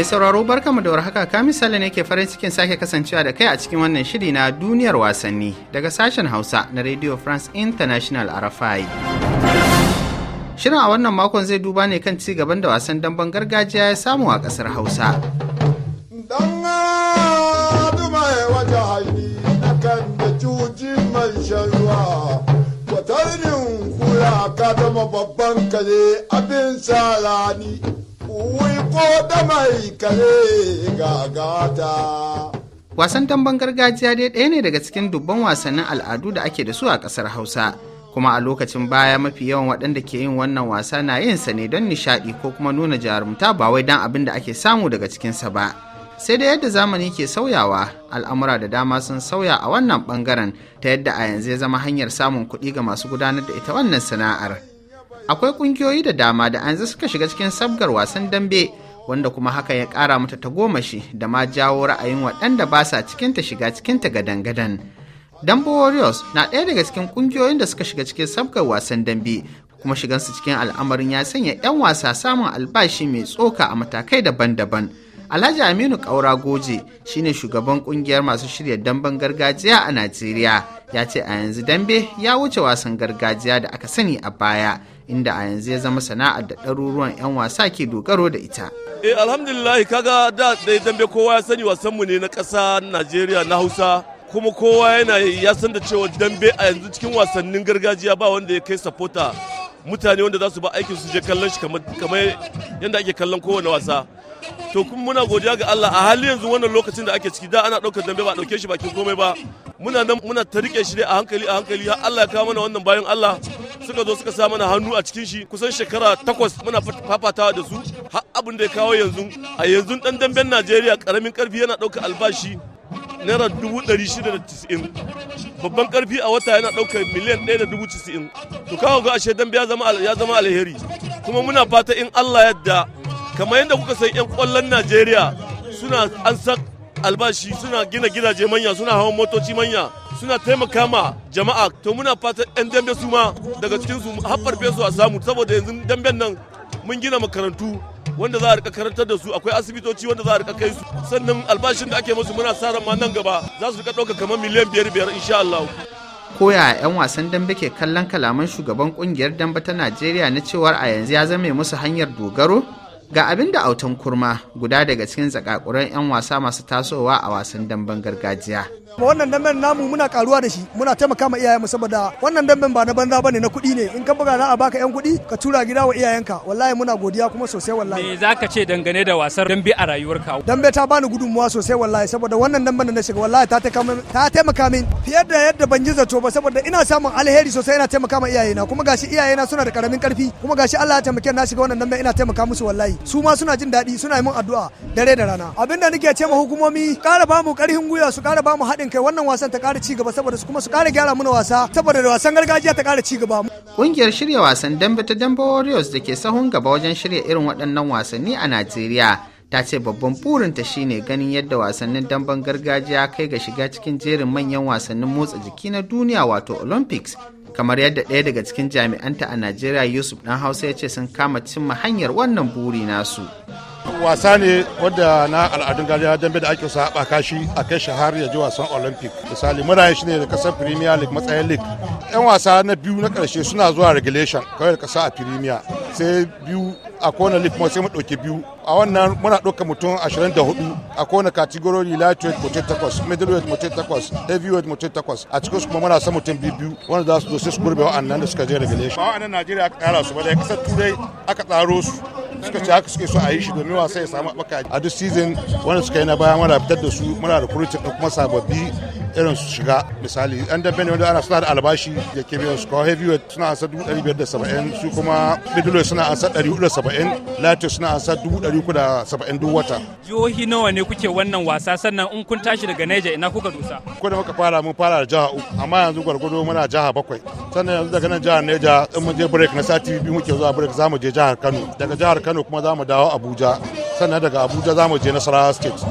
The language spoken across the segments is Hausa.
Mai sauraro barkamu da warhaka ka misali ne ke farin cikin sake kasancewa da kai a cikin wannan shiri na duniyar wasanni daga sashen Hausa na Radio France International RFI. Shirin a wannan makon zai duba ne kan ci gaban da wasan damben gargajiya ya samu a kasar Hausa. Watarin babban kare abin sa rani. Wasan tamban gargajiya dai ɗaya ne daga cikin dubban wasannin al'adu da ake da su a ƙasar Hausa. kuma a lokacin baya mafi yawan waɗanda ke yin wannan wasa na yin sa ne don nishaɗi ko kuma nuna jarumta ba wai don abin da ake samu daga cikinsa ba sai da yadda zamani ke sauyawa al'amura da dama sun sauya a wannan ɓangaren ta yadda a yanzu ya zama hanyar samun kuɗi ga masu gudanar da ita wannan sana'ar akwai kungiyoyi da dama da an suka shiga cikin sabgar wasan dambe wanda kuma haka ya kara mata ta goma shi da ma jawo ra'ayin waɗanda ba sa cikinta shiga cikinta gadan-gadan dambe warriors na ɗaya daga cikin kungiyoyin da suka shiga cikin sabgar wasan dambe kuma shigansu cikin al'amarin ya sanya 'yan wasa samun albashi mai tsoka a matakai daban-daban Alhaji Aminu Kaura Goje shine shugaban kungiyar masu shirya damben gargajiya a Najeriya ya ce a yanzu dambe ya wuce wasan gargajiya da aka sani a baya inda a yanzu ya zama sana'ar da ɗaruruwan 'yan wasa ke dogaro da ita. e alhamdulillah kaga da da dambe kowa ya sani wasanmu ne na ƙasa Najeriya na Hausa kuma kowa yana ya san da cewa dambe a yanzu cikin wasannin gargajiya ba wanda ya kai sapota mutane wanda za su ba aikin su je kallon shi kamar yadda ake kallon kowane wasa. to kuma muna godiya ga Allah a hali yanzu wannan lokacin da ake ciki da ana ɗaukar dambe ba ɗauke shi bakin komai ba muna nan muna ta riƙe shi dai a hankali a hankali har Allah ya kawo mana wannan bayan Allah suka zo suka sa mana hannu a cikin shi kusan shekara takwas muna fafatawa da su har abin da ya kawo yanzu a yanzu dan damben najeriya karamin karfi yana ɗauka albashi naira dubu ɗari shida da tis'in babban karfi a wata yana ɗaukar miliyan ɗaya da dubu tis'in to kawo ga ashe dambe ya zama alheri kuma muna fata in allah yadda kamar yadda kuka san 'yan kwallon najeriya suna an san albashi suna gina gidaje manya suna hawan motoci manya suna taimaka ma jama'a to muna fatan 'yan dambe su ma daga cikin su haɓarfe su a samu saboda yanzu damben nan mun gina makarantu wanda za a rika karantar da su akwai asibitoci wanda za a rika kai su sannan albashin da ake musu muna sa ma nan gaba za su rika ɗauka kamar miliyan biyar biyar insha Allah. koya a 'yan wasan dambe ke kallon kalaman shugaban kungiyar dambe ta najeriya na cewar a yanzu ya zama musu hanyar dogaro ga abin da autan kurma guda daga cikin zakakuran 'yan wasa masu tasowa a wasan damben gargajiya wannan damben namu muna karuwa da shi muna taimaka ma iyayenmu saboda wannan damben ba na banza bane na kuɗi ne in ka buga za a baka yan kuɗi ka tura gida wa iyayenka wallahi muna godiya kuma sosai wallahi me zaka ce dangane da wasar dambe a rayuwarka dambe ta bani gudunmuwa sosai wallahi saboda wannan damben da na shiga wallahi ta taimaka min fiye da yadda ban ji zato ba saboda ina samun alheri sosai ina taimaka ma iyayena kuma gashi iyayena suna da karamin karfi kuma gashi Allah ya taimake na shiga wannan damben ina taimaka musu wallahi su ma suna jin daɗi suna yi min addu'a dare da rana abinda nake ce ma hukumomi ƙara ba mu ƙarfin gwiwa su kara ba mu haɗin kai wannan wasan ta ƙara ci gaba saboda su kuma su ƙara gyara mana wasa saboda wasan gargajiya ta ƙara ci gaba Ƙungiyar shirya wasan dambe ta Dambe Warriors da ke sahun gaba wajen shirya irin waɗannan wasanni a Najeriya ta ce babban burinta shine ganin yadda wasannin damben gargajiya kai ga shiga cikin jerin manyan wasannin motsa jiki na duniya wato Olympics kamar yadda ɗaya daga cikin jami'anta a najeriya yusuf ɗan hausa ya ce sun kama cimma hanyar wannan buri nasu wasa ne wadda na al'adun gariya dambe da ake sa haɓaka shi a kai shi har ya ji wasan olympic misali muna shi ne da kasar premier league matsayin league yan wasa na biyu na karshe suna zuwa regulation kawai da kasa a premier sai biyu a kona league kuma sai mu ɗauki biyu a wannan muna ɗauka mutum 24 a kona katigorori lightweight mutum takwas middleweight mutum takwas heavyweight mutum takwas a cikin su kuma muna san mutum biyu wanda za su zo sai su gurbe wa'annan da suka je regulation ba wa'annan najeriya aka kara su ba da kasar turai aka tsaro su suka ci haka suke so a yi shi domin wasa ya samu baka a duk season wanda suka yi na baya mara fitar da su muna da kurutin kuma sababbi irin su shiga misali an dabbe ne wanda ana suna da albashi da ke biyan su kawai heavyweight suna da 570 su kuma middleweight suna ansa 470 latin suna da 370 duk wata jihohi nawa ne kuke wannan wasa sannan in kun tashi daga Niger ina kuka dusa ko da muka fara mun fara da jiha uku amma yanzu gwargwado muna jiha bakwai sannan yanzu daga nan jihar Neja in mun je break na sati biyu muke zuwa break mu je jihar Kano daga jihar Kano kuma za mu dawo Abuja sannan daga Abuja za mu je Nasarawa State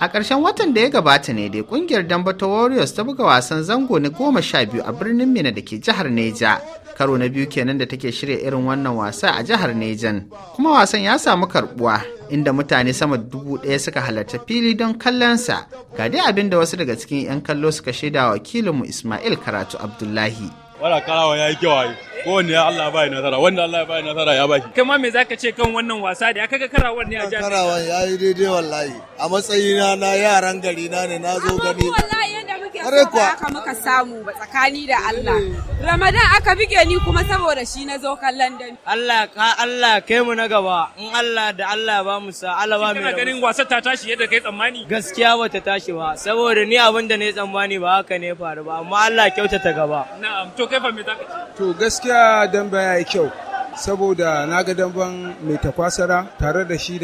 a ƙarshen watan da ya gabata ne dai ƙungiyar Dambato Warriors ta buga wasan zango na goma sha biyu a birnin Mina da ke jihar Neja karo na biyu kenan da take shirya irin wannan wasa a jihar Nejan kuma wasan ya samu karbuwa inda mutane sama dubu ɗaya suka halarta fili don kallonsa ga dai abin da wasu daga cikin 'yan kallo suka shaida wakilinmu Ismail Karatu Abdullahi. wala karawa ya yi kyau kowanne ya Allah bai nasara wanda Allah bai nasara ya baki kai ma me zaka ce kan wannan wasa da kaga karawan ne a jami'a karawan yayi daidai wallahi a matsayina na yaran gari na ne na zo gani wallahi so ba haka muka samu ba tsakani da Allah Ramadan aka bige ni kuma saboda shi na zo kallon dan Allah ka Allah kai mu na gaba in Allah da Allah ba mu sa Allah ba mu kana ganin wasa ta tashi yadda kai tsammani gaskiya ba ta tashi ba saboda ni abin da yi tsammani ba haka ne faru ba amma Allah kyautata gaba na'am to kai fa me zaka to gaskiya dan baya yi kyau saboda na ga damban mai tafasara tare da shi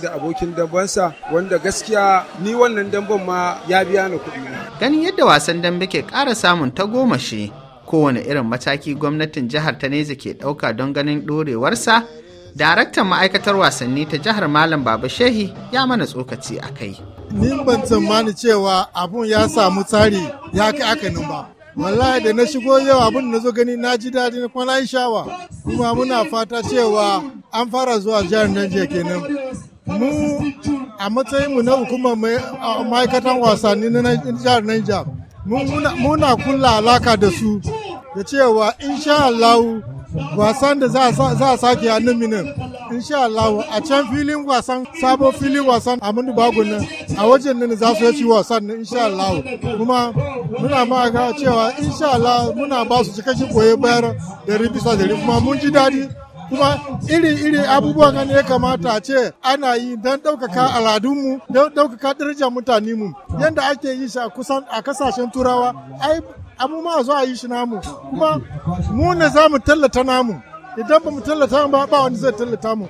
da abokin dambansa wanda gaskiya ni wannan damban ma ya biya ni kuɗi ganin yadda wasan dambe ke ƙara samun ta goma shi kowane irin mataki gwamnatin jihar ta neza ke ɗauka don ganin ɗorewarsa daraktan ma'aikatar wasanni ta jihar malam baba shehi ya mana tsokaci a kai ni ban tsammani cewa abun ya samu tsari ya kai akanin ba wallahi da na shigo yau abin da na zo gani na ji daɗi na kwana yi shawa kuma muna fata cewa an fara zuwa jihar Niger kenan mu a matsayin mu na hukumar ma'aikatan wasanni na jihar Niger muna kula alaka da su da cewa insha Allah wasan da za a sake a nan minin insha Allah a can filin wasan sabo filin wasan a mun bagun nan a wajen nan za su yi wasan nan insha Allah kuma muna ma ga cewa insha Allah muna ba su cikakken koyi bayar da ribisa da kuma mun ji dadi kuma iri-iri abubuwan kan ya kamata a ce ana yi don ɗaukaka aladunmu don ɗaukaka darajar mu yadda ake yi shi a kusan a kasashen turawa ai abu ma zo a yi shi namu kuma mu ne za mu tallata namu idan ba mu tallata ba ba wani zai tallata mu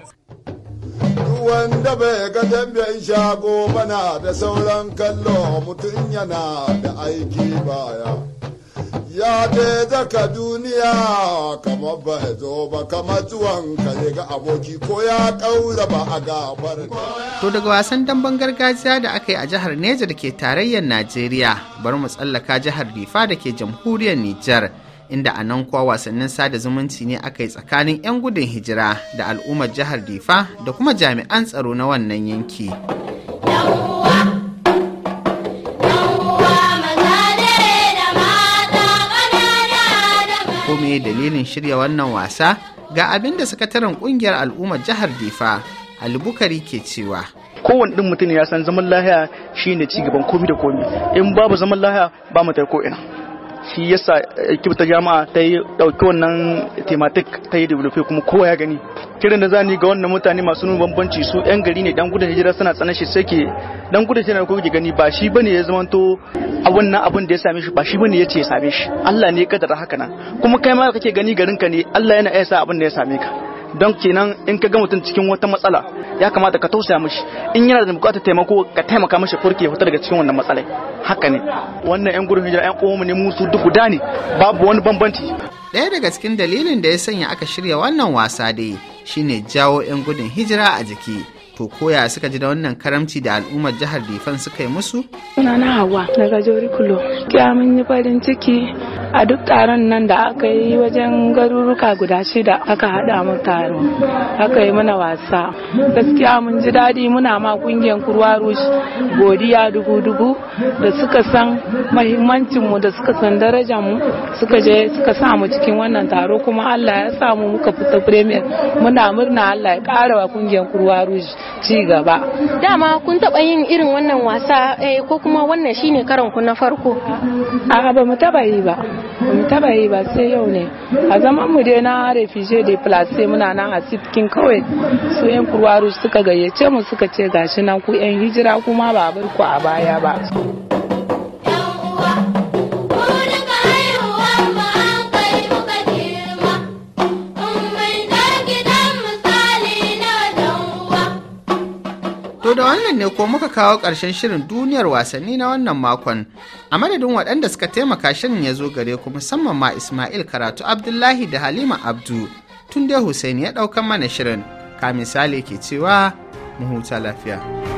wanda bai ga damben shago bana da sauran kallo mutum yana da aiki baya ya te daga duniya kamar bai zo ba kamar zuwan ka ga aboki ko ya ƙaura ba a gafar. To daga wasan damben gargajiya da aka yi a jihar Neja da ke tarayyar Najeriya bari mu tsallaka jihar Rifa da ke jamhuriyar Nijar. Inda a nan kuwa wasannin sada zumunci ne aka yi tsakanin 'yan gudun hijira da al'ummar jihar Rifa da kuma jami'an tsaro na wannan yanki. dalilin shirya wannan wasa ga abin da sakataren kungiyar al'ummar jihar difa albukari ke cewa kowane ɗin mutum ya san zaman lahiya shine ci gaban komi da komi in babu zaman lahiya ba mu ko ina shi yasa kibta jama'a ta yi dauki wannan thematic ta yi e develop kuma kowa ya gani kiran da zani ga wannan mutane masu nuna bambanci su yan gari ne dan gudun hijira suna tsanan shi sake dan gudun hijira ko ki gani ba shi bane ya to a wannan abin da ya same shi ba shi bane yace ya same shi Allah ne ya kaddara haka nan kuma kai ma kake gani garin ka ne Allah yana iya sa abin da ya same ka don kenan in ka ga mutum cikin wata matsala ya kamata ka tausaya mishi in yana da bukatar taimako ka taimaka mishi furke ya fita daga cikin wannan matsalai haka ne wannan yan gudun hijira yan uwanmu ne musu duk guda ne babu wani bambanci Daya daga cikin dalilin da ya sanya aka shirya wannan wasa dai shine jawo yan gudun hijira a jiki to koya suka ji da wannan karamci da al'ummar jihar Difan suka yi musu? Suna na Hauwa daga Jori Kulo. Kiya mun yi farin ciki a duk taron nan da aka yi wajen garuruka guda shida aka haɗa mu taro. Aka yi mana wasa. Gaskiya mun ji daɗi muna ma kungiyar Kurwa Rouge godiya dubu-dubu da suka san mahimmancin mu da suka san darajar mu suka je suka sa mu cikin wannan taro kuma Allah ya sa mu muka fita premier muna murna Allah ya ƙara wa kungiyar Kurwa Rouge ci gaba dama kun taba yin irin wannan wasa eh, ko kuma wannan shine karan ku na farko a ba mu taba yi ba mu taba yi ba sai yau ne a zaman mu dai na refugee de place muna nan a sitkin kawai su yan kurwaru suka gayyace mu suka ce gashi nan ku yan hijira kuma ba bar ku a baya ba da wannan ne ko muka kawo ƙarshen shirin duniyar wasanni na wannan makon. A madadin waɗanda suka taimaka shirin ya zo gare ku musamman ma Ismail Karatu Abdullahi da Halima Abdu. Tun dai Hussein ya ɗaukan mana shirin. Ka misali ke cewa mu huta lafiya.